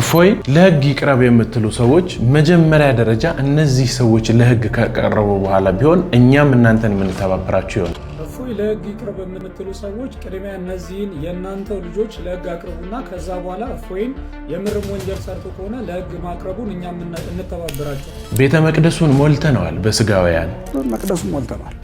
እፎይ ለህግ ይቅረብ የምትሉ ሰዎች መጀመሪያ ደረጃ እነዚህ ሰዎች ለህግ ከቀረቡ በኋላ ቢሆን እኛም እናንተን የምንተባበራችሁ ይሆን። እፎይ ለህግ ይቅረብ የምትሉ ሰዎች ቅድሚያ እነዚህን የእናንተው ልጆች ለህግ አቅርቡና ከዛ በኋላ እፎይን የምርም ወንጀል ሰርቶ ከሆነ ለህግ ማቅረቡን እኛም እንተባበራችሁ። ቤተ መቅደሱን ሞልተነዋል፣ በስጋውያን መቅደሱ ሞልተነዋል፣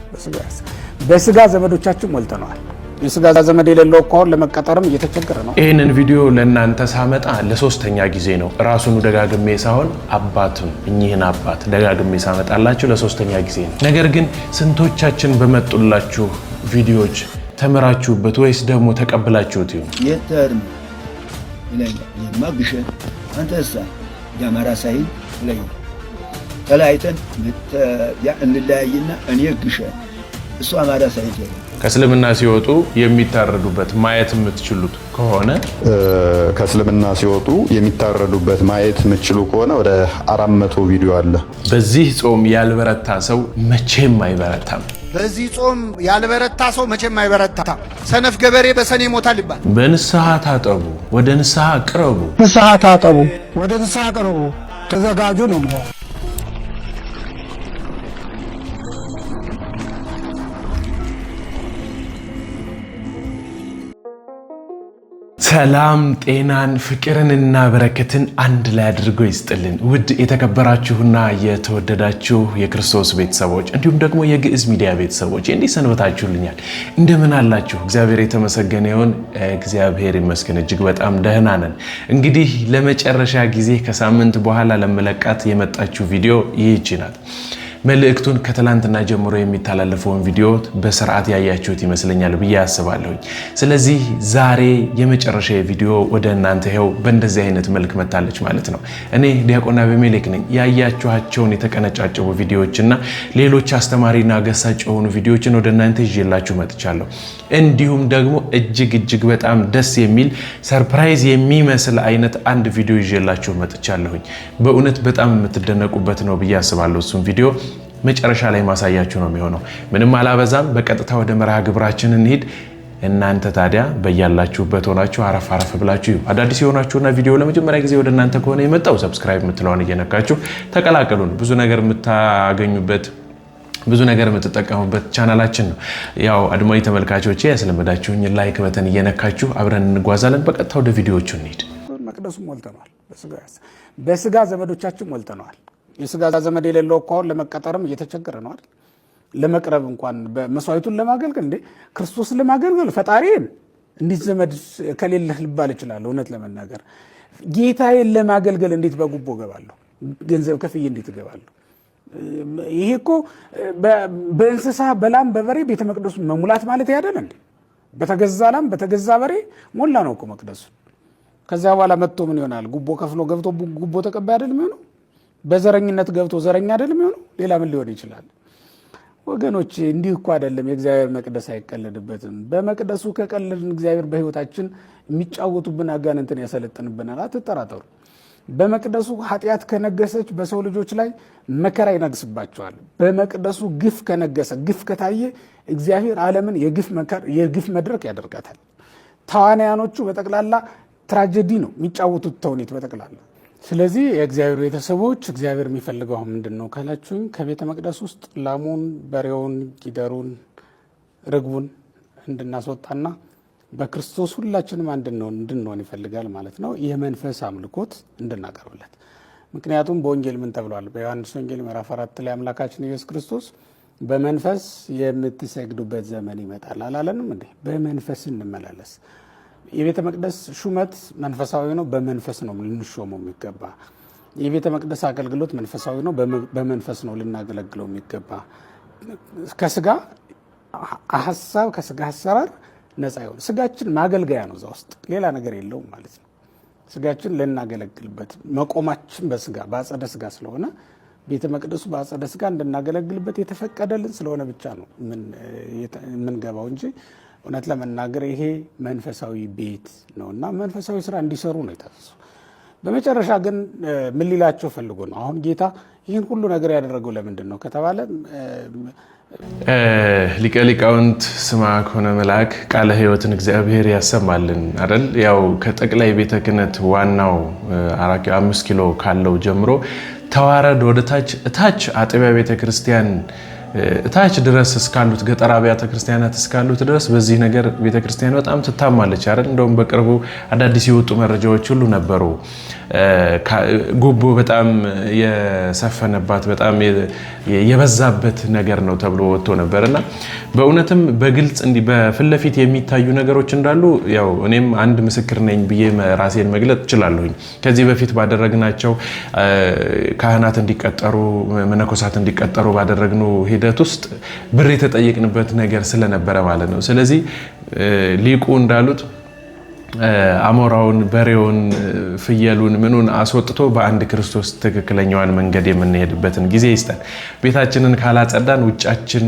በስጋ ዘመዶቻችን ሞልተነዋል። የስጋ ዘመድ የሌለው ከሆን ለመቀጠርም እየተቸገረ ነው። ይህንን ቪዲዮ ለእናንተ ሳመጣ ለሶስተኛ ጊዜ ነው። ራሱኑ ደጋግሜ ሳሆን አባቱን እኚህን አባት ደጋግሜ ሳመጣላችሁ ለሶስተኛ ጊዜ ነው። ነገር ግን ስንቶቻችን በመጡላችሁ ቪዲዮዎች ተምራችሁበት ወይስ ደግሞ ተቀብላችሁት ይሁን የተርም ይለኛል። አንተ ሳ የአማራ ሳይን ላይ ተለያይተን እንለያይና እኔ ግሸ እሱ አማራ ሳይን ከእስልምና ሲወጡ የሚታረዱበት ማየት የምትችሉት ከሆነ ከእስልምና ሲወጡ የሚታረዱበት ማየት የምትችሉ ከሆነ ወደ አራት መቶ ቪዲዮ አለ። በዚህ ጾም ያልበረታ ሰው መቼም አይበረታም። በዚህ ጾም ያልበረታ ሰው መቼም አይበረታ። ሰነፍ ገበሬ በሰኔ ሞታል ይባል። በንስሐ ታጠቡ፣ ወደ ንስሐ ቅረቡ፣ ንስሐ ታጠቡ፣ ወደ ንስሐ ቅረቡ፣ ተዘጋጁ ነው። ሰላም ጤናን ፍቅርንና በረከትን አንድ ላይ አድርጎ ይስጥልን። ውድ የተከበራችሁና የተወደዳችሁ የክርስቶስ ቤተሰቦች እንዲሁም ደግሞ የግዕዝ ሚዲያ ቤተሰቦች እንዲህ ሰንበታችሁልኛል? እንደምን አላችሁ? እግዚአብሔር የተመሰገነ ይሁን። እግዚአብሔር ይመስገን፣ እጅግ በጣም ደህና ነን። እንግዲህ ለመጨረሻ ጊዜ ከሳምንት በኋላ ለመለቃት የመጣችሁ ቪዲዮ ይህች ናት። መልእክቱን ከትላንትና ጀምሮ የሚተላለፈውን ቪዲዮ በስርዓት ያያችሁት ይመስለኛል ብዬ አስባለሁኝ። ስለዚህ ዛሬ የመጨረሻ ቪዲዮ ወደ እናንተ ይኸው በእንደዚህ አይነት መልክ መታለች ማለት ነው። እኔ ዲያቆን አቤሜሌክ ነኝ። ያያችኋቸውን የተቀነጫጨቡ ቪዲዮዎችና ሌሎች አስተማሪና ገሳጭ የሆኑ ቪዲዮዎችን ወደ እናንተ ይዤላችሁ መጥቻለሁ። እንዲሁም ደግሞ እጅግ እጅግ በጣም ደስ የሚል ሰርፕራይዝ የሚመስል አይነት አንድ ቪዲዮ ይዤላችሁ መጥቻለሁኝ። በእውነት በጣም የምትደነቁበት ነው ብዬ አስባለሁ እሱም ቪዲዮ መጨረሻ ላይ ማሳያችሁ ነው የሚሆነው። ምንም አላበዛም፣ በቀጥታ ወደ መርሃ ግብራችን እንሂድ። እናንተ ታዲያ በያላችሁበት ሆናችሁ አረፍ አረፍ ብላችሁ አዳዲስ የሆናችሁና ቪዲዮ ለመጀመሪያ ጊዜ ወደ እናንተ ከሆነ የመጣው ሰብስክራይብ የምትለዋን እየነካችሁ ተቀላቀሉን። ብዙ ነገር የምታገኙበት ብዙ ነገር የምትጠቀሙበት ቻናላችን ነው። ያው አድማዊ ተመልካቾች ያስለመዳችሁኝ ላይክ በተን እየነካችሁ አብረን እንጓዛለን። በቀጥታ ወደ ቪዲዮዎቹ እንሂድ። መቅደሱ ሞልተነዋል። በስጋ ዘመዶቻችን ሞልተነዋል። የስጋ ዘመድ የሌለው እኮ አሁን ለመቀጠርም እየተቸገረ ነው አይደል? ለመቅረብ እንኳን መስዋዕቱን ለማገልገል እንዴ ክርስቶስን ለማገልገል ፈጣሪን እንዴት ዘመድ ከሌለህ ልባል እችላለሁ? እውነት ለመናገር ጌታዬን ለማገልገል እንዴት በጉቦ እገባለሁ? ገንዘብ ከፍዬ እንዴት እገባለሁ? ይሄ እኮ በእንስሳ በላም በበሬ ቤተ መቅደሱን መሙላት ማለት ያደለ እንዴ? በተገዛ ላም በተገዛ በሬ ሞላ ነው እኮ መቅደሱ። ከዚያ በኋላ መጥቶ ምን ይሆናል? ጉቦ ከፍሎ ገብቶ ጉቦ ተቀባይ አይደል የሚሆነው? በዘረኝነት ገብቶ ዘረኛ አይደለም የሚሆነው። ሌላ ምን ሊሆን ይችላል? ወገኖች እንዲህ እኮ አይደለም። የእግዚአብሔር መቅደስ አይቀለድበትም። በመቅደሱ ከቀለድን እግዚአብሔር በሕይወታችን የሚጫወቱብን አጋንንትን ያሰለጥንብናል። አትጠራጠሩ። በመቅደሱ ኃጢአት ከነገሰች በሰው ልጆች ላይ መከራ ይነግስባቸዋል። በመቅደሱ ግፍ ከነገሰ ግፍ ከታየ እግዚአብሔር ዓለምን የግፍ መድረክ ያደርጋታል። ተዋናያኖቹ በጠቅላላ ትራጀዲ ነው የሚጫወቱት ተውኔት በጠቅላላ ስለዚህ የእግዚአብሔር ቤተሰቦች እግዚአብሔር የሚፈልገው ምንድን ነው ካላችሁኝ፣ ከቤተ መቅደስ ውስጥ ላሙን፣ በሬውን፣ ጊደሩን፣ ርግቡን እንድናስወጣና በክርስቶስ ሁላችንም አንድነው እንድንሆን ይፈልጋል ማለት ነው። የመንፈስ አምልኮት እንድናቀርብለት። ምክንያቱም በወንጌል ምን ተብሏል? በዮሐንስ ወንጌል ምዕራፍ አራት ላይ አምላካችን ኢየሱስ ክርስቶስ በመንፈስ የምትሰግዱበት ዘመን ይመጣል አላለንም እንዴ? በመንፈስ እንመላለስ የቤተ መቅደስ ሹመት መንፈሳዊ ነው። በመንፈስ ነው ልንሾመው የሚገባ። የቤተ መቅደስ አገልግሎት መንፈሳዊ ነው። በመንፈስ ነው ልናገለግለው የሚገባ። ከስጋ ሀሳብ ከስጋ አሰራር ነፃ ይሆን። ስጋችን ማገልገያ ነው፣ እዛ ውስጥ ሌላ ነገር የለውም ማለት ነው። ስጋችን ልናገለግልበት መቆማችን በስጋ በአጸደ ስጋ ስለሆነ ቤተ መቅደሱ በአጸደ ስጋ እንድናገለግልበት የተፈቀደልን ስለሆነ ብቻ ነው የምንገባው እንጂ እውነት ለመናገር ይሄ መንፈሳዊ ቤት ነው እና መንፈሳዊ ስራ እንዲሰሩ ነው የታዘዙ። በመጨረሻ ግን ምን ሊላቸው ፈልጎ ነው? አሁን ጌታ ይህን ሁሉ ነገር ያደረገው ለምንድን ነው ከተባለ ሊቀ ሊቃውንት ስማ ከሆነ መልአክ ቃለ ሕይወትን እግዚአብሔር ያሰማልን አይደል? ያው ከጠቅላይ ቤተ ክህነት ዋናው አምስት ኪሎ ካለው ጀምሮ ተዋረድ ወደ ታች እታች አጥቢያ ቤተ ክርስቲያን እታች ድረስ እስካሉት ገጠር አብያተ ክርስቲያናት እስካሉት ድረስ በዚህ ነገር ቤተክርስቲያን በጣም ትታማለች አይደል? እንደውም በቅርቡ አዳዲስ የወጡ መረጃዎች ሁሉ ነበሩ። ጉቦ በጣም የሰፈነባት በጣም የበዛበት ነገር ነው ተብሎ ወጥቶ ነበር እና በእውነትም በግልጽ እንዲህ በፊት ለፊት የሚታዩ ነገሮች እንዳሉ ያው እኔም አንድ ምስክር ነኝ ብዬ ራሴን መግለጥ እችላለሁኝ። ከዚህ በፊት ባደረግናቸው ካህናት እንዲቀጠሩ መነኮሳት እንዲቀጠሩ ባደረግነው ሂደት ውስጥ ብር የተጠየቅንበት ነገር ስለነበረ ማለት ነው። ስለዚህ ሊቁ እንዳሉት አሞራውን፣ በሬውን፣ ፍየሉን፣ ምኑን አስወጥቶ በአንድ ክርስቶስ ትክክለኛዋን መንገድ የምንሄድበትን ጊዜ ይስጠን። ቤታችንን ካላጸዳን ውጫችን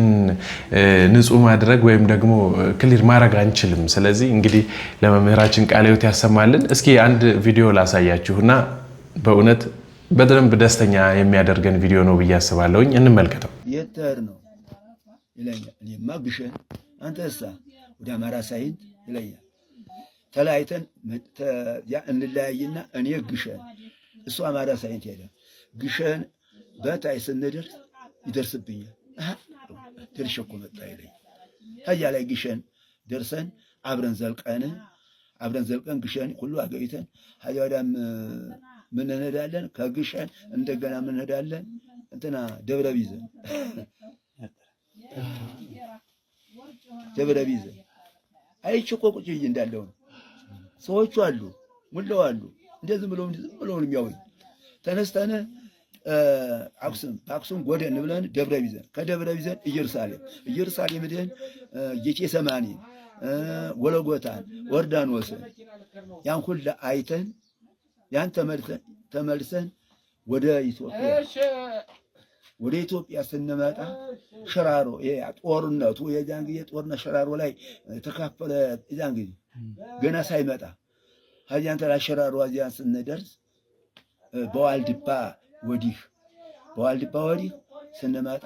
ንጹህ ማድረግ ወይም ደግሞ ክሊር ማድረግ አንችልም። ስለዚህ እንግዲህ ለመምህራችን ቃለ ሕይወት ያሰማልን። እስኪ አንድ ቪዲዮ ላሳያችሁና በእውነት በደንብ ደስተኛ የሚያደርገን ቪዲዮ ነው ብዬ አስባለሁኝ። እንመልከተው። የተር ነው ይለኛል። እኔማ ግሸን፣ አንተሳ ወደ አማራ ሳይድ ይለኛል ተለያይተን እንለያይና እኔ ግሸን እሱ አማራ ሳይንት ሄደ። ግሸን በታይ ስንደርስ ይደርስብኛል። ደርሼ እኮ መጣ ይለኝ። ከዚያ ላይ ግሸን ደርሰን አብረን ዘልቀን አብረን ዘልቀን ግሸን ሁሉ አገኝተን ከዚያ ወዲያ ምን እንሄዳለን? ከግሸን እንደገና ምን እንሄዳለን? እንትና ደብረ ቢዘን ደብረ ቢዘን አይቼ እኮ ቁጭ ብዬ እንዳለው ነው ሰዎቹ አሉ፣ ሙለው አሉ። እንደዚህ ዝም ብለው ዝም ብለው የሚያውኝ ተነስተን አክሱም አክሱም ጎደን ብለን ደብረ ቢዘን ከደብረ ቢዘን ኢየሩሳሌም ኢየሩሳሌም ሄደን ጌቴሰማኒን ወለጎታን ዮርዳኖስን ያን ሁሉ አይተን ያን ተመልሰን ተመልሰን ወደ ኢትዮጵያ ወደ ኢትዮጵያ ስንመጣ ሽራሮ ጦርነቱ የዛን ጊዜ ጦርነት ሽራሮ ላይ ተካፈለ። የዛን ጊዜ ገና ሳይመጣ ሀዚያንተን አሸራሮ ዚያን ስንደርስ በዋልድባ ወዲህ በዋልድባ ወዲህ ስንመጣ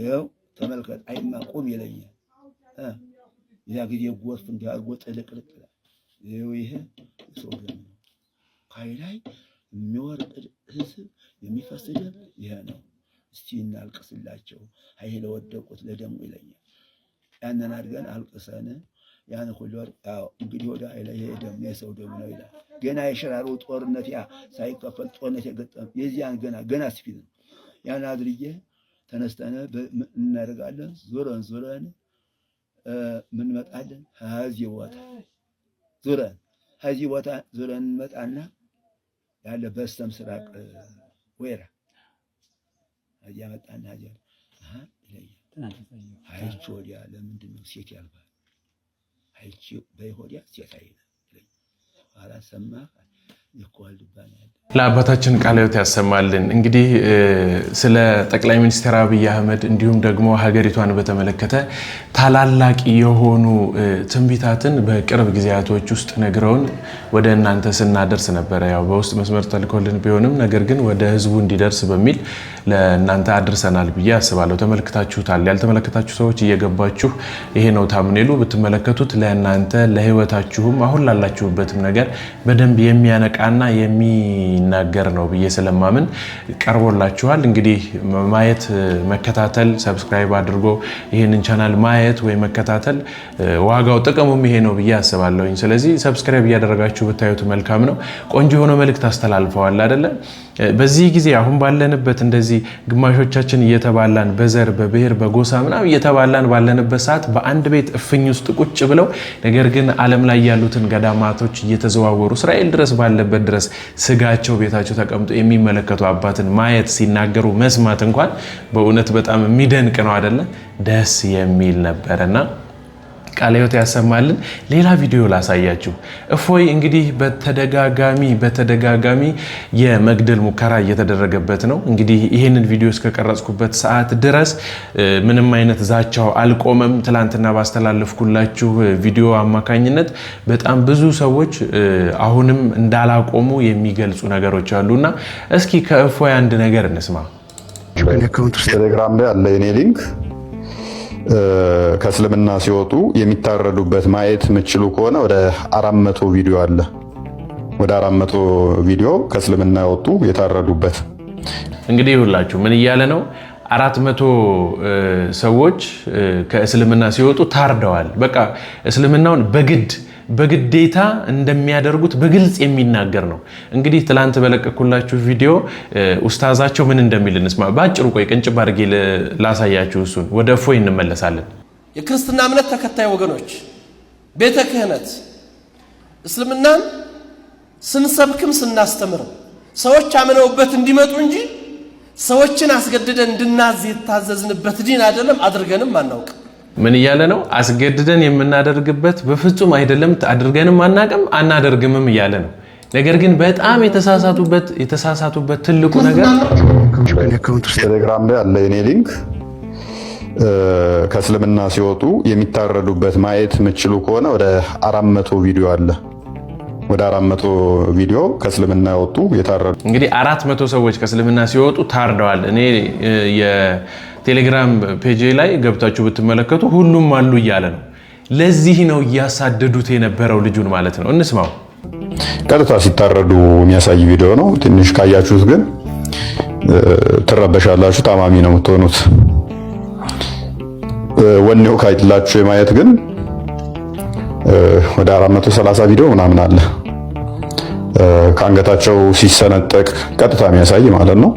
ይኸው ተመልከት፣ አይማ ቁም ይለኛል። ያ ጊዜ ጎርፍ እንዲህ አድርጎ ጥልቅልቅ ይላል። ይኸው ይሄ ሰው ከላይ የሚወርቅ ህዝብ የሚፈስ ደም ይሄ ነው። እስቲ እናልቅስላቸው፣ አይ ለወደቁት ለደሙ ይለኛል። ያንን አድርገን አልቅሰን ያን ሁሉ ያው እንግዲህ ወደ ኃይለ ይሄ ደም የሰው ደም ነው ይላል። ገና የሽራሮ ጦርነት ያ ሳይከፈል ጦርነት የገጠም የዚያን ገና ገና ስፊት ነው። ያን አድርጌ ተነስተነ እናደርጋለን። ዙረን ዙረን ምንመጣለን ከዚህ ቦታ ዙረን ከዚህ ቦታ ዙረን እንመጣና ያለ በስተ ምስራቅ ወይራ እያመጣና ሀያ አይቼ ወዲያ ለምንድን ነው ሴት ያልባል አይችው በይሁዳ ሴት አይነ አላሰማህ ለአባታችን ቃለ ሕይወት ያሰማልን። እንግዲህ ስለ ጠቅላይ ሚኒስትር አብይ አህመድ እንዲሁም ደግሞ ሀገሪቷን በተመለከተ ታላላቅ የሆኑ ትንቢታትን በቅርብ ጊዜያቶች ውስጥ ነግረውን ወደ እናንተ ስናደርስ ነበረ። ያው በውስጥ መስመር ተልኮልን ቢሆንም ነገር ግን ወደ ህዝቡ እንዲደርስ በሚል ለእናንተ አድርሰናል ብዬ አስባለሁ። ተመልክታችሁታል። ያልተመለከታችሁ ሰዎች እየገባችሁ ይሄ ነው ታምኔሉ ብትመለከቱት ለእናንተ ለህይወታችሁም አሁን ላላችሁበትም ነገር በደንብ የሚያነቃ የሚያቃና የሚናገር ነው ብዬ ስለማምን ቀርቦላችኋል። እንግዲህ ማየት፣ መከታተል፣ ሰብስክራይብ አድርጎ ይህንን ቻናል ማየት ወይ መከታተል ዋጋው ጥቅሙም ይሄ ነው ብዬ አስባለሁኝ። ስለዚህ ሰብስክራይብ እያደረጋችሁ ብታዩት መልካም ነው። ቆንጆ የሆነ መልእክት አስተላልፈዋል አይደለም። በዚህ ጊዜ አሁን ባለንበት እንደዚህ ግማሾቻችን እየተባላን በዘር በብሔር በጎሳ ምናምን እየተባላን ባለንበት ሰዓት በአንድ ቤት እፍኝ ውስጥ ቁጭ ብለው ነገር ግን ዓለም ላይ ያሉትን ገዳማቶች እየተዘዋወሩ እስራኤል ድረስ ባለበት ድረስ ስጋቸው ቤታቸው ተቀምጦ የሚመለከቱ አባትን ማየት ሲናገሩ መስማት እንኳን በእውነት በጣም የሚደንቅ ነው አይደለ? ደስ የሚል ነበረና ቃለ ሕይወት ያሰማልን። ሌላ ቪዲዮ ላሳያችሁ። እፎይ እንግዲህ በተደጋጋሚ በተደጋጋሚ የመግደል ሙከራ እየተደረገበት ነው። እንግዲህ ይህንን ቪዲዮ እስከቀረጽኩበት ሰዓት ድረስ ምንም አይነት ዛቻው አልቆመም። ትላንትና ባስተላለፍኩላችሁ ቪዲዮ አማካኝነት በጣም ብዙ ሰዎች አሁንም እንዳላቆሙ የሚገልጹ ነገሮች አሉና እስኪ ከእፎይ አንድ ነገር እንስማ። ቴሌግራም ላይ አለ የኔ ሊንክ ከእስልምና ሲወጡ የሚታረዱበት ማየት የምችሉ ከሆነ ወደ አራት መቶ ቪዲዮ አለ። ወደ አራት መቶ ቪዲዮ ከእስልምና የወጡ የታረዱበት። እንግዲህ ሁላችሁ ምን እያለ ነው? አራት መቶ ሰዎች ከእስልምና ሲወጡ ታርደዋል። በቃ እስልምናውን በግድ በግዴታ እንደሚያደርጉት በግልጽ የሚናገር ነው። እንግዲህ ትላንት በለቀኩላችሁ ቪዲዮ ኡስታዛቸው ምን እንደሚል እንስማ። በአጭሩ ቆይ ቅንጭብ አድርጌ ላሳያችሁ። እሱን ወደ እፎይ እንመለሳለን። የክርስትና እምነት ተከታይ ወገኖች ቤተ ክህነት እስልምናን ስንሰብክም ስናስተምርም ሰዎች አምነውበት እንዲመጡ እንጂ ሰዎችን አስገድደን እንድናዝ የታዘዝንበት ዲን አይደለም። አድርገንም አናውቅም። ምን እያለ ነው? አስገድደን የምናደርግበት በፍጹም አይደለም። አድርገንም አናቅም አናደርግምም እያለ ነው። ነገር ግን በጣም የተሳሳቱበት የተሳሳቱበት ትልቁ ነገር ቴሌግራም ላይ አለ የኔ ሊንክ ከእስልምና ሲወጡ የሚታረዱበት ማየት የምችሉ ከሆነ ወደ አራት መቶ ቪዲዮ አለ። ወደ አራት መቶ ቪዲዮ ከእስልምና የወጡ የታረዱ እንግዲህ አራት መቶ ሰዎች ከእስልምና ሲወጡ ታርደዋል። እኔ ቴሌግራም ፔጄ ላይ ገብታችሁ ብትመለከቱ ሁሉም አሉ እያለ ነው። ለዚህ ነው እያሳደዱት የነበረው ልጁን ማለት ነው። እንስማው። ቀጥታ ሲታረዱ የሚያሳይ ቪዲዮ ነው። ትንሽ ካያችሁት ግን ትረበሻላችሁ። ታማሚ ነው የምትሆኑት። ወኔው ካይላችሁ የማየት ግን ወደ 430 ቪዲዮ ምናምን አለ ከአንገታቸው ሲሰነጠቅ ቀጥታ የሚያሳይ ማለት ነው።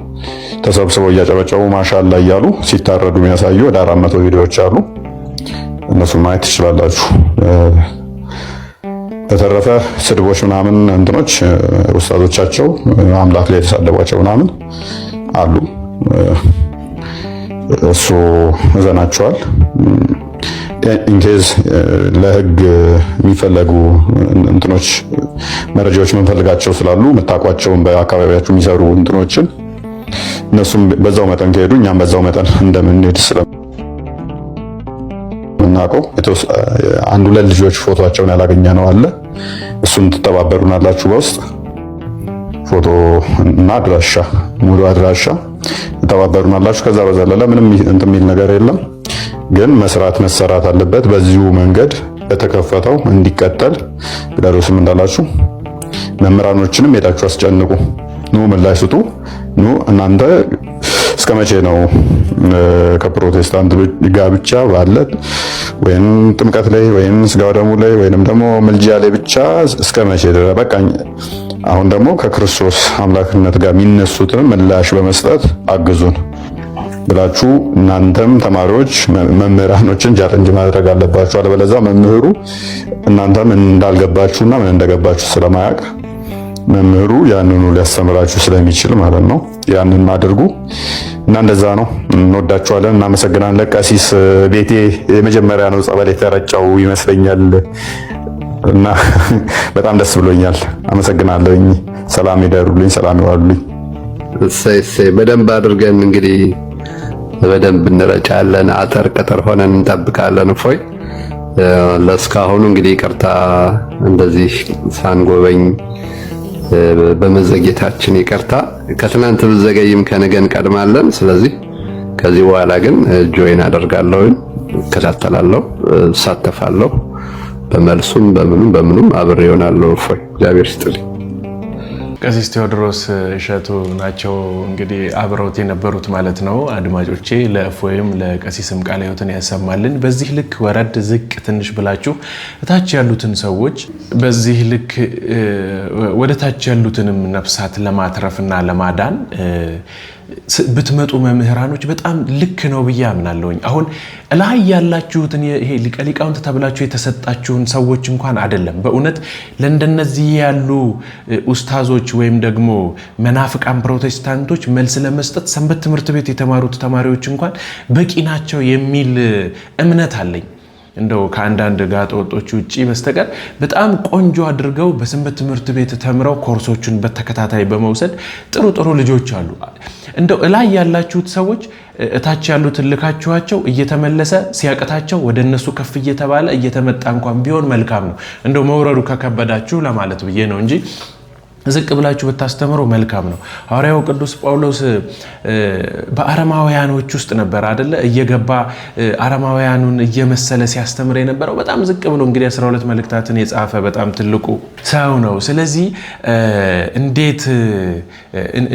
ተሰብስበው እያጨበጨቡ ማሻላ እያሉ ሲታረዱ የሚያሳዩ ወደ አራት መቶ ቪዲዮዎች አሉ። እነሱን ማየት ትችላላችሁ። በተረፈ ስድቦች ምናምን እንትኖች ውስታዞቻቸው አምላክ ላይ የተሳደቧቸው ምናምን አሉ። እሱ እዘናቸዋል። ኢንኬዝ ለህግ የሚፈለጉ እንትኖች መረጃዎች መንፈልጋቸው ስላሉ የምታውቋቸውን በአካባቢያችሁ የሚሰሩ እንትኖችን እነሱም በዛው መጠን ከሄዱ እኛም በዛው መጠን እንደምንሄድ ስለምናውቀው አንድ ሁለት ልጆች ፎቶቸውን ያላገኘ ነው አለ። እሱን ትተባበሩናላችሁ በውስጥ ፎቶ እና አድራሻ ሙሉ አድራሻ ተባበሩናላችሁ። ከዛ በዘለለ ምንም እንትን የሚል ነገር የለም፣ ግን መስራት መሰራት አለበት። በዚሁ መንገድ በተከፈተው እንዲቀጠል ግዳዶስም እንዳላችሁ መምህራኖችንም ሄዳችሁ አስጨንቁ፣ ኑ ምላሽ ስጡ። ኑ እናንተ እስከ መቼ ነው ከፕሮቴስታንት ጋር ብቻ ባለ ወይም ጥምቀት ላይ ወይም ስጋ ደሙ ላይ ወይንም ደግሞ ምልጃ ላይ ብቻ እስከ መቼ ድረስ? በቃ አሁን ደግሞ ከክርስቶስ አምላክነት ጋር የሚነሱትን ምላሽ በመስጠት አግዙን ብላችሁ እናንተም ተማሪዎች መምህራኖችን ጃጥንጅ ማድረግ አለባችሁ። አለበለዚያ መምህሩ እናንተም እንዳልገባችሁና ምን እንደገባችሁ ስለማያውቅ መምህሩ ያንኑ ሊያስተምራችሁ ስለሚችል ማለት ነው። ያንን አድርጉ እና እንደዛ ነው። እንወዳችኋለን፣ እናመሰግናለን። ቀሲስ ቤቴ የመጀመሪያ ነው ጸበል የተረጨው ይመስለኛል እና በጣም ደስ ብሎኛል። አመሰግናለኝ። ሰላም ይደሩልኝ፣ ሰላም ይዋሉልኝ። እሰይ እሰይ። በደንብ አድርገን እንግዲህ በደንብ እንረጫለን። አጠር ቅጥር ሆነን እንጠብቃለን። እፎይ ለእስካሁኑ እንግዲህ ቅርታ እንደዚህ ሳንጎበኝ በመዘግየታችን ይቅርታ። ከትናንት ብዘገይም ከነገን ቀድማለን። ስለዚህ ከዚህ በኋላ ግን ጆይን አደርጋለሁ፣ እከታተላለሁ፣ እሳተፋለሁ። በመልሱም በምኑም በምኑም አብሬ ይሆናለሁ። እፎይ እግዚአብሔር ይስጥልኝ። ቀሲስ ቴዎድሮስ እሸቱ ናቸው እንግዲህ አብረውት የነበሩት ማለት ነው። አድማጮቼ ለእፎይም ለቀሲስም ቃለ ሕይወትን ያሰማልን። በዚህ ልክ ወረድ ዝቅ ትንሽ ብላችሁ እታች ያሉትን ሰዎች በዚህ ልክ ወደ ታች ያሉትንም ነፍሳት ለማትረፍና ለማዳን ብትመጡ መምህራኖች በጣም ልክ ነው ብዬ አምናለሁኝ። አሁን ላይ ያላችሁትን ይሄ ሊቀ ሊቃውንት ተብላችሁ የተሰጣችሁን ሰዎች እንኳን አይደለም። በእውነት ለእንደነዚህ ያሉ ኡስታዞች ወይም ደግሞ መናፍቃን ፕሮቴስታንቶች መልስ ለመስጠት ሰንበት ትምህርት ቤት የተማሩት ተማሪዎች እንኳን በቂ ናቸው የሚል እምነት አለኝ። እንደው ከአንዳንድ ጋጠ ወጦች ውጭ በስተቀር በጣም ቆንጆ አድርገው በሰንበት ትምህርት ቤት ተምረው ኮርሶቹን በተከታታይ በመውሰድ ጥሩ ጥሩ ልጆች አሉ። እንደው እላይ ያላችሁት ሰዎች እታች ያሉት ልካችኋቸው እየተመለሰ ሲያቅታቸው ወደ እነሱ ከፍ እየተባለ እየተመጣ እንኳን ቢሆን መልካም ነው። እንደው መውረዱ ከከበዳችሁ ለማለት ብዬ ነው እንጂ ዝቅ ብላችሁ ብታስተምሩ መልካም ነው። ሐዋርያው ቅዱስ ጳውሎስ በአረማውያኖች ውስጥ ነበር አደለ? እየገባ አረማውያኑን እየመሰለ ሲያስተምር የነበረው በጣም ዝቅ ብሎ እንግዲህ 12 መልእክታትን የጻፈ በጣም ትልቁ ሰው ነው። ስለዚህ እንዴት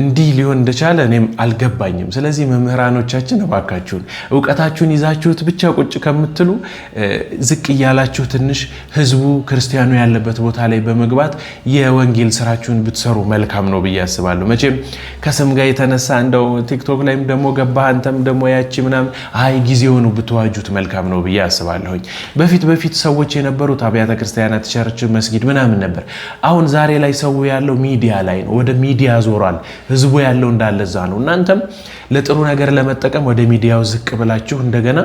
እንዲህ ሊሆን እንደቻለ እኔም አልገባኝም። ስለዚህ መምህራኖቻችን እባካችሁን እውቀታችሁን ይዛችሁት ብቻ ቁጭ ከምትሉ ዝቅ እያላችሁ ትንሽ ህዝቡ ክርስቲያኑ ያለበት ቦታ ላይ በመግባት የወንጌል ስራችሁን ብትሰሩ መልካም ነው ብዬ አስባለሁ። መቼም ከስም ጋር የተነሳ እንደው ቲክቶክ ላይም ደግሞ ገባህ አንተም ደግሞ ያቺ ምናምን አይ ጊዜውን ብትዋጁት መልካም ነው ብዬ አስባለሁኝ። በፊት በፊት ሰዎች የነበሩት አብያተ ክርስቲያናት፣ ቸርች፣ መስጊድ ምናምን ነበር። አሁን ዛሬ ላይ ሰው ያለው ሚዲያ ላይ ነው። ወደ ሚዲያ ዞሯል ህዝቡ ያለው እንዳለዛ ነው። እናንተም ለጥሩ ነገር ለመጠቀም ወደ ሚዲያው ዝቅ ብላችሁ እንደገና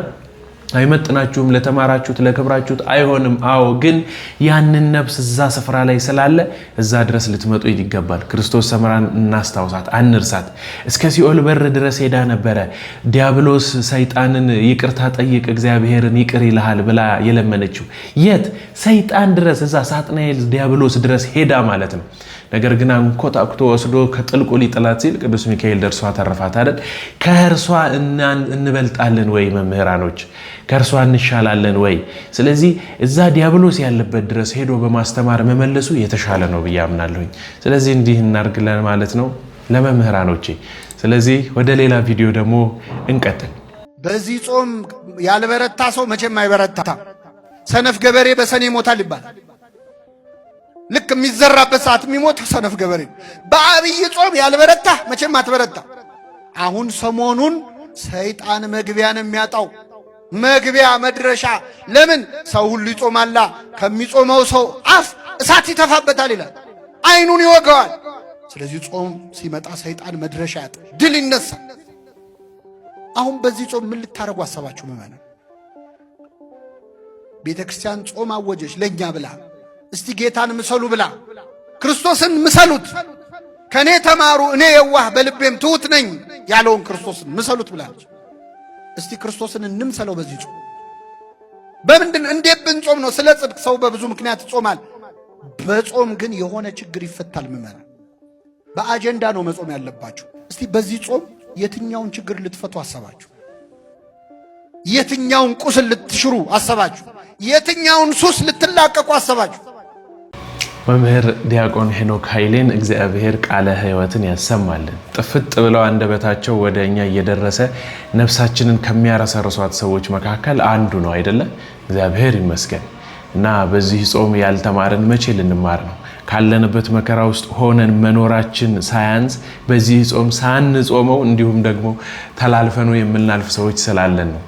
አይመጥናችሁም ለተማራችሁት ለክብራችሁት አይሆንም። አዎ ግን ያንን ነፍስ እዛ ስፍራ ላይ ስላለ እዛ ድረስ ልትመጡ ይገባል። ክርስቶስ ሰምራን እናስታውሳት፣ አንርሳት። እስከ ሲኦል በር ድረስ ሄዳ ነበረ። ዲያብሎስ ሰይጣንን ይቅርታ ጠይቅ እግዚአብሔርን ይቅር ይልሃል ብላ የለመነችው የት? ሰይጣን ድረስ እዛ ሳጥናኤል ዲያብሎስ ድረስ ሄዳ ማለት ነው። ነገር ግን አንኮታኩቶ ወስዶ ከጥልቁ ሊጥላት ሲል ቅዱስ ሚካኤል ደርሷ ተረፋት አይደል? ከእርሷ እንበልጣለን ወይ መምህራኖች? ከእርሷ እንሻላለን ወይ? ስለዚህ እዛ ዲያብሎስ ያለበት ድረስ ሄዶ በማስተማር መመለሱ የተሻለ ነው ብዬ አምናለሁኝ። ስለዚህ እንዲህ እናርግለን ማለት ነው ለመምህራኖቼ። ስለዚህ ወደ ሌላ ቪዲዮ ደግሞ እንቀጥል። በዚህ ጾም ያልበረታ ሰው መቼም አይበረታ። ሰነፍ ገበሬ በሰኔ ይሞታል ይባላል። ልክ የሚዘራበት ሰዓት የሚሞት ሰነፍ ገበሬ በአብይ ጾም ያልበረታ መቼም አትበረታ። አሁን ሰሞኑን ሰይጣን መግቢያ ነው የሚያጣው፣ መግቢያ መድረሻ። ለምን ሰው ሁሉ ይጾማላ፣ ከሚጾመው ሰው አፍ እሳት ይተፋበታል ይላል፣ አይኑን ይወገዋል። ስለዚህ ጾም ሲመጣ ሰይጣን መድረሻ ያጣ፣ ድል ይነሳል። አሁን በዚህ ጾም ምን ልታረጉ አሰባችሁ? ምመና ቤተ ክርስቲያን ጾም አወጀች ለእኛ ብላ እስቲ ጌታን ምሰሉ ብላ ክርስቶስን ምሰሉት፣ ከእኔ ተማሩ፣ እኔ የዋህ በልቤም ትሑት ነኝ ያለውን ክርስቶስን ምሰሉት ብላለች። እስቲ ክርስቶስን እንምሰለው በዚህ ጾም። በምንድን እንዴት ብንጾም ነው? ስለ ጽድቅ ሰው በብዙ ምክንያት ይጾማል። በጾም ግን የሆነ ችግር ይፈታል። ምመራ በአጀንዳ ነው መጾም ያለባችሁ። እስቲ በዚህ ጾም የትኛውን ችግር ልትፈቱ አሰባችሁ? የትኛውን ቁስል ልትሽሩ አሰባችሁ? የትኛውን ሱስ ልትላቀቁ አሰባችሁ? መምህር ዲያቆን ሄኖክ ኃይሌን እግዚአብሔር ቃለ ሕይወትን ያሰማልን። ጥፍጥ ብለው አንደበታቸው ወደ እኛ እየደረሰ ነፍሳችንን ከሚያረሰርሷት ሰዎች መካከል አንዱ ነው አይደለ? እግዚአብሔር ይመስገን እና በዚህ ጾም ያልተማርን መቼ ልንማር ነው? ካለንበት መከራ ውስጥ ሆነን መኖራችን ሳያንስ በዚህ ጾም ሳንጾመው እንዲሁም ደግሞ ተላልፈኑ የምናልፍ ሰዎች ስላለን ነው።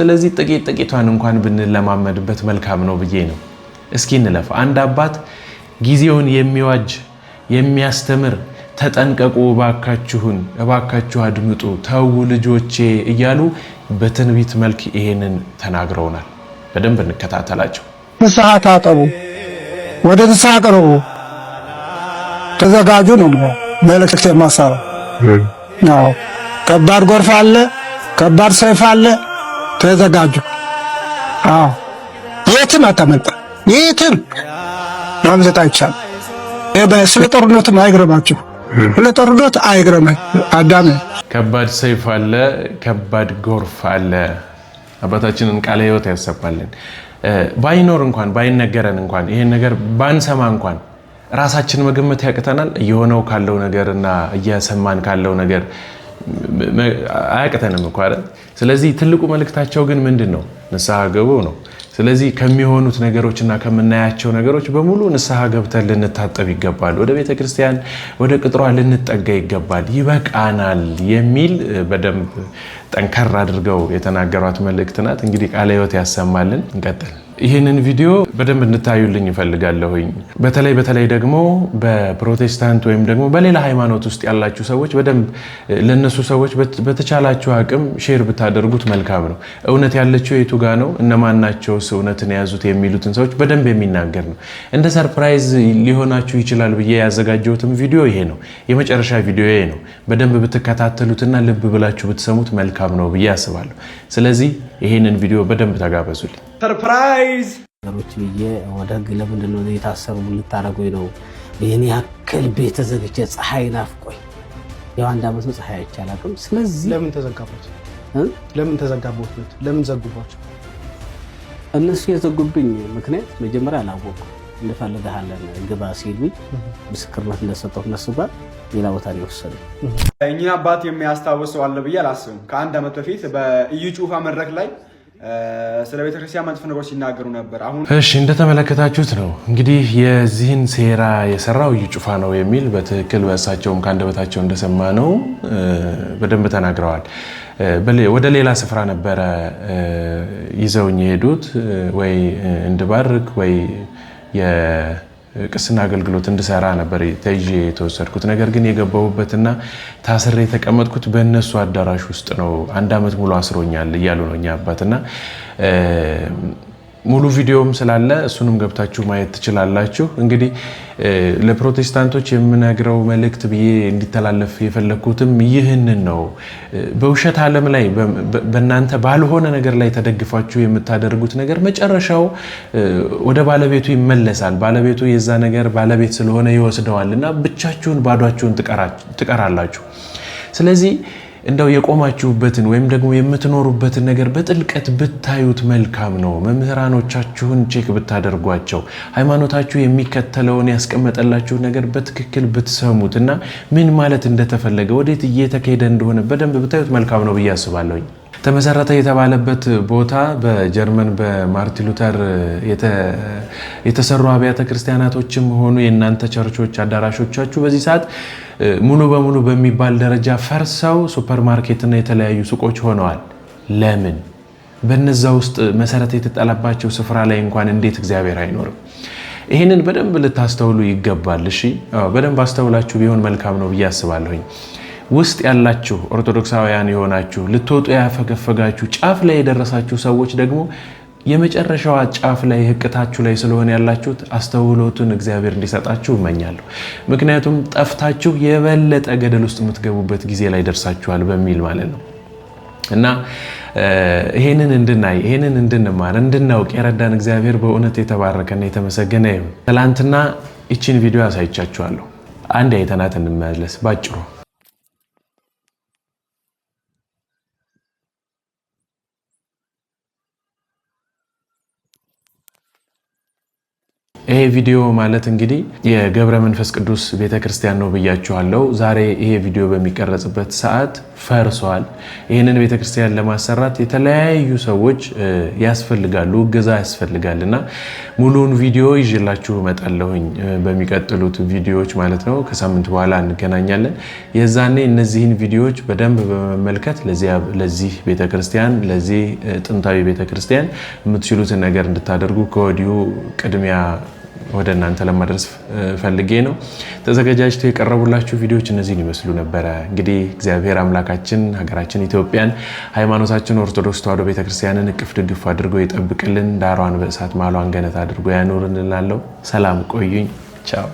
ስለዚህ ጥቂት ጥቂቷን እንኳን ብንለማመድበት መልካም ነው ብዬ ነው። እስኪ እንለፍ። አንድ አባት ጊዜውን የሚዋጅ የሚያስተምር ተጠንቀቁ፣ እባካችሁን እባካችሁ አድምጡ፣ ተዉ ልጆቼ እያሉ በትንቢት መልክ ይሄንን ተናግረውናል። በደንብ እንከታተላቸው። ንስሐ ታጠቡ፣ ወደ ንስሐ ቅርቡ፣ ተዘጋጁ ነው መልእክት የማሳው ነው። ከባድ ጎርፍ አለ፣ ከባድ ሰይፍ አለ። ተዘጋጁ። አዎ የትም አታመልጥ፣ የትም ማምዘጥ አይቻልም። ስለ ጦርነትም አይግረማችሁ፣ ስለ ጦርነት አይግረመህ አዳም። ከባድ ሰይፍ አለ፣ ከባድ ጎርፍ አለ። አባታችንን ቃለ ሕይወት ያሰባልን። ባይኖር እንኳን ባይነገረን እንኳን ይሄን ነገር ባንሰማ እንኳን ራሳችን መገመት ያቅተናል። እየሆነው ካለው ነገር እና እየሰማን ካለው ነገር አያቅተንም እኮ። ስለዚህ ትልቁ መልእክታቸው ግን ምንድን ነው? ንስሐ ግቡ ነው ስለዚህ ከሚሆኑት ነገሮችና ከምናያቸው ነገሮች በሙሉ ንስሐ ገብተን ልንታጠብ ይገባል። ወደ ቤተ ክርስቲያን ወደ ቅጥሯ ልንጠጋ ይገባል። ይበቃናል የሚል በደንብ ጠንከር አድርገው የተናገሯት መልእክት ናት። እንግዲህ ቃለ ሕይወት ያሰማልን። እንቀጥል። ይህንን ቪዲዮ በደንብ እንታዩልኝ ይፈልጋለሁኝ። በተለይ በተለይ ደግሞ በፕሮቴስታንት ወይም ደግሞ በሌላ ሃይማኖት ውስጥ ያላችሁ ሰዎች በደንብ ለነሱ ሰዎች በተቻላችሁ አቅም ሼር ብታደርጉት መልካም ነው። እውነት ያለችው የቱ ጋ ነው፣ እነማናቸውስ እውነትን የያዙት የሚሉትን ሰዎች በደንብ የሚናገር ነው። እንደ ሰርፕራይዝ ሊሆናችሁ ይችላል ብዬ ያዘጋጀሁትም ቪዲዮ ይሄ ነው፣ የመጨረሻ ቪዲዮ ነው። በደንብ ብትከታተሉትና ልብ ብላችሁ ብትሰሙት መልካም ነው ብዬ አስባለሁ። ስለዚህ ይሄንን ቪዲዮ በደንብ ተጋበዙልኝ። ሰርፕራይዝ ነገሮች ብዬ ወደ ህግ ለምንድነው የታሰሩ ልታደረጉኝ ነው? ይህን ያክል ቤት ተዘግቼ ፀሐይ ናፍቆኝ ያው አንድ ዓመት ነው ፀሐይ አይቻላቅም። ስለዚህ ለምን ተዘጋቦት ለምን ተዘጋቦት ቤት ለምን ዘጉባቸው? እነሱ የዘጉብኝ ምክንያት መጀመሪያ አላወቅኩም። እንፈልግሃለን ግባ ሲሉኝ ምስክርነት እንደሰጠው እነሱ ጋር ሌላ ቦታ ሊወሰዱ የወሰደው። እኚህን አባት የሚያስታውስ አለ ብዬ አላስብም። ከአንድ አመት በፊት በኢዩ ጩፋ መድረክ ላይ ስለ ቤተክርስቲያን መጥፎ ነገሮች ሲናገሩ ነበር። አሁን እሺ እንደተመለከታችሁት ነው እንግዲህ የዚህን ሴራ የሰራው እዩ ጩፋ ነው የሚል በትክክል በእሳቸውም ከአንደበታቸው እንደሰማ ነው በደንብ ተናግረዋል። ወደ ሌላ ስፍራ ነበረ ይዘውኝ የሄዱት ወይ እንድባርክ ወይ ቅስና አገልግሎት እንድሰራ ነበር ተይዤ የተወሰድኩት። ነገር ግን የገባሁበትና ታስሬ የተቀመጥኩት በእነሱ አዳራሽ ውስጥ ነው። አንድ አመት ሙሉ አስሮኛል እያሉ ነው እኛ አባትና ሙሉ ቪዲዮም ስላለ እሱንም ገብታችሁ ማየት ትችላላችሁ። እንግዲህ ለፕሮቴስታንቶች የምነግረው መልእክት ብዬ እንዲተላለፍ የፈለግኩትም ይህንን ነው። በውሸት ዓለም ላይ በእናንተ ባልሆነ ነገር ላይ ተደግፋችሁ የምታደርጉት ነገር መጨረሻው ወደ ባለቤቱ ይመለሳል። ባለቤቱ የዛ ነገር ባለቤት ስለሆነ ይወስደዋል እና ብቻችሁን ባዷችሁን ትቀራላችሁ። ስለዚህ እንደው የቆማችሁበትን ወይም ደግሞ የምትኖሩበትን ነገር በጥልቀት ብታዩት መልካም ነው። መምህራኖቻችሁን ቼክ ብታደርጓቸው፣ ሃይማኖታችሁ የሚከተለውን ያስቀመጠላችሁ ነገር በትክክል ብትሰሙት እና ምን ማለት እንደተፈለገ ወዴት እየተካሄደ እንደሆነ በደንብ ብታዩት መልካም ነው ብዬ አስባለሁኝ። ተመሰረተ የተባለበት ቦታ በጀርመን በማርቲን ሉተር የተሰሩ አብያተ ክርስቲያናቶችም ሆኑ የእናንተ ቸርቾች አዳራሾቻችሁ በዚህ ሰዓት ሙሉ በሙሉ በሚባል ደረጃ ፈርሰው ሱፐርማርኬትና የተለያዩ ሱቆች ሆነዋል። ለምን? በነዛ ውስጥ መሰረት የተጠለባቸው ስፍራ ላይ እንኳን እንዴት እግዚአብሔር አይኖርም? ይህንን በደንብ ልታስተውሉ ይገባል። እሺ፣ በደንብ አስተውላችሁ ቢሆን መልካም ነው ብዬ አስባለሁኝ። ውስጥ ያላችሁ ኦርቶዶክሳውያን የሆናችሁ ልትወጡ ያፈገፈጋችሁ ጫፍ ላይ የደረሳችሁ ሰዎች ደግሞ የመጨረሻዋ ጫፍ ላይ ህቅታችሁ ላይ ስለሆነ ያላችሁት አስተውሎቱን እግዚአብሔር እንዲሰጣችሁ እመኛለሁ። ምክንያቱም ጠፍታችሁ የበለጠ ገደል ውስጥ የምትገቡበት ጊዜ ላይ ደርሳችኋል በሚል ማለት ነው እና ይሄንን እንድናይ ይሄንን እንድንማር እንድናውቅ የረዳን እግዚአብሔር በእውነት የተባረከና የተመሰገነ ይሁን። ትላንትና ይችን ቪዲዮ አሳይቻችኋለሁ። አንድ አይተናት እንመለስ ባጭሩ። ይሄ ቪዲዮ ማለት እንግዲህ የገብረ መንፈስ ቅዱስ ቤተክርስቲያን ነው ብያችኋለሁ። ዛሬ ይሄ ቪዲዮ በሚቀረጽበት ሰዓት ፈርሷል። ይህንን ቤተክርስቲያን ለማሰራት የተለያዩ ሰዎች ያስፈልጋሉ፣ እገዛ ያስፈልጋል እና ሙሉውን ቪዲዮ ይዤላችሁ እመጣለሁኝ በሚቀጥሉት ቪዲዮዎች ማለት ነው። ከሳምንት በኋላ እንገናኛለን። የዛኔ እነዚህን ቪዲዮዎች በደንብ በመመልከት ለዚህ ቤተክርስቲያን ለዚህ ጥንታዊ ቤተክርስቲያን የምትችሉትን ነገር እንድታደርጉ ከወዲሁ ቅድሚያ ወደ እናንተ ለማድረስ ፈልጌ ነው። ተዘጋጃጅቶ የቀረቡላችሁ ቪዲዮዎች እነዚህን ይመስሉ ነበረ። እንግዲህ እግዚአብሔር አምላካችን ሀገራችን ኢትዮጵያን፣ ሃይማኖታችን ኦርቶዶክስ ተዋሕዶ ቤተክርስቲያንን እቅፍ ድግፍ አድርጎ ይጠብቅልን፣ ዳሯን በእሳት ማሏን ገነት አድርጎ ያኖርንላለሁ። ሰላም ቆዩኝ። ቻው